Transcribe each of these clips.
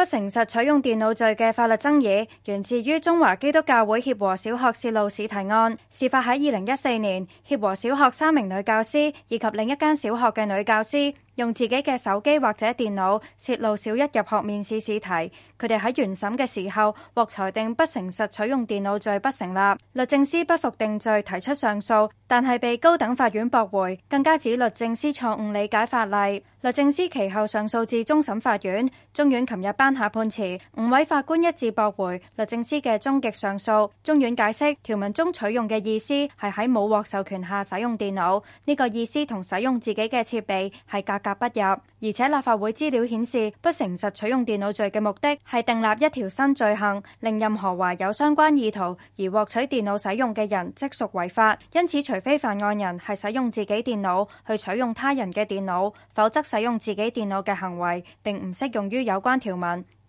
不誠實取用電腦罪嘅法律爭議，源自於中華基督教會協和小學洩露試題案。事發喺二零一四年，協和小學三名女教師以及另一間小學嘅女教師，用自己嘅手機或者電腦洩露小一入學面試試題，佢哋喺原審嘅時候獲裁定不誠實取用電腦罪不成立。律政司不服定罪提出上訴，但係被高等法院駁回，更加指律政司錯誤理解法例。律政司其後上訴至終審法院，中院琴日頒下判詞，五位法官一致駁回律政司嘅終極上訴。中院解釋條文中取用嘅意思係喺冇獲授權下使用電腦，呢、這個意思同使用自己嘅設備係格格不入，而且立法會資料顯示，不誠實取用電腦罪嘅目的係訂立一條新罪行，令任何懷有相關意圖而獲取電腦使用嘅人即屬違法。因此，除非犯案人係使用自己電腦去取用他人嘅電腦，否則使用自己電腦嘅行為並唔適用於有關條文。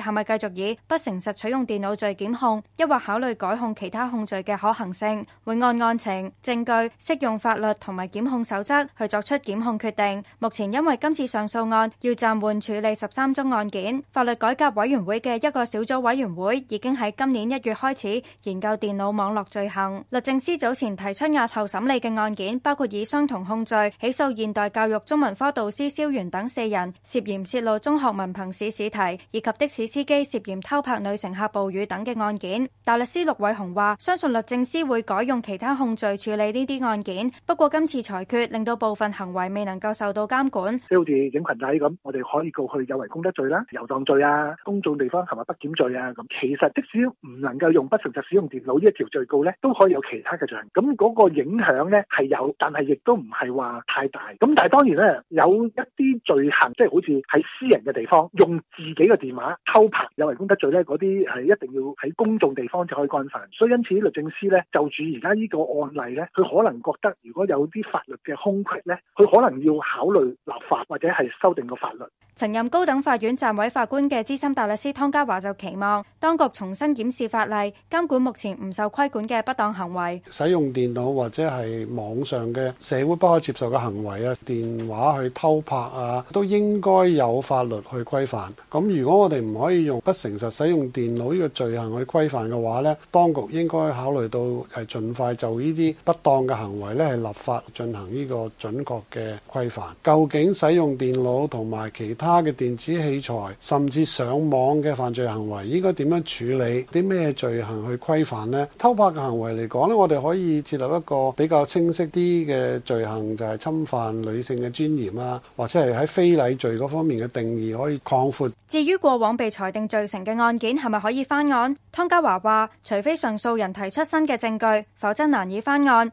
係咪繼續以不誠實取用電腦罪檢控？抑或考慮改控其他控罪嘅可行性？會按案情、證據、適用法律同埋檢控守則去作出檢控決定。目前因為今次上訴案要暫緩處理十三宗案件，法律改革委員會嘅一個小組委員會已經喺今年一月開始研究電腦網絡罪行。律政司早前提出押後審理嘅案件，包括以相同控罪起訴現代教育中文科導師蕭源等四人涉嫌洩露中學文憑試試題，以及的士司機涉嫌偷拍女乘客，暴雨等嘅案件，大律師陸偉雄話：相信律政司會改用其他控罪處理呢啲案件。不過，今次裁決令到部分行為未能夠受到監管，即好似影裙底咁，我哋可以告去有違公德罪啦，遊蕩罪啊、公眾地方行為不檢罪啊咁。其實即使唔能夠用不誠實使用電腦呢一條罪告咧，都可以有其他嘅罪行。咁嗰個影響咧係有，但係亦都唔係話太大。咁但係當然咧，有一啲罪行即係、就是、好似喺私人嘅地方用自己嘅電話。偷拍、有違公德罪呢，嗰啲係一定要喺公眾地方就可以干犯，所以因此律政司呢就住而家呢個案例呢，佢可能覺得如果有啲法律嘅空隙呢，佢可能要考慮立法或者係修訂個法律。曾任高等法院暫委法官嘅資深大律師湯家驊就期望當局重新檢視法例，監管目前唔受規管嘅不當行為。使用電腦或者係網上嘅社會不可接受嘅行為啊，電話去偷拍啊，都應該有法律去規範。咁如果我哋唔可以用不誠實使用電腦呢個罪行去規範嘅話咧，當局應該考慮到係盡快就呢啲不當嘅行為咧係立法進行呢個準確嘅規範。究竟使用電腦同埋其他嘅電子器材甚至上網嘅犯罪行為應該點樣處理？啲咩罪行去規範呢？偷拍嘅行為嚟講呢，我哋可以設立一個比較清晰啲嘅罪行，就係侵犯女性嘅尊嚴啊，或者係喺非禮罪嗰方面嘅定義可以擴闊。至於過往被裁定罪成嘅案件係咪可以翻案？湯家驊話：除非上訴人提出新嘅證據，否則難以翻案。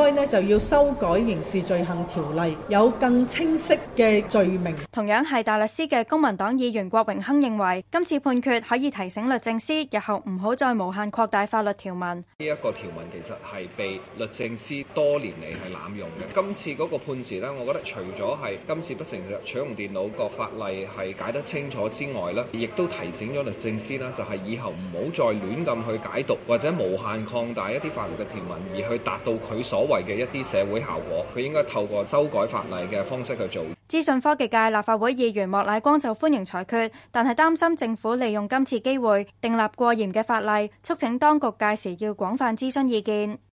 該呢，就要修改刑事罪行條例，有更清晰嘅罪名。同樣，係大律師嘅公民黨議員郭榮鏗認為，今次判決可以提醒律政司，日後唔好再無限擴大法律條文。呢一個條文其實，係被律政司多年嚟係濫用嘅。今次嗰個判詞咧，我覺得除咗係今次不誠實取用電腦個法例係解得清楚之外咧，亦都提醒咗律政司啦，就係以後唔好再亂咁去解讀或者無限擴大一啲法律嘅條文，而去達到佢所為嘅一啲社會效果，佢應該透過修改法例嘅方式去做。資訊科技界立法會議員莫乃光就歡迎裁決，但係擔心政府利用今次機會訂立過嚴嘅法例，促請當局屆時要廣泛諮詢意見。